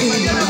Yeah.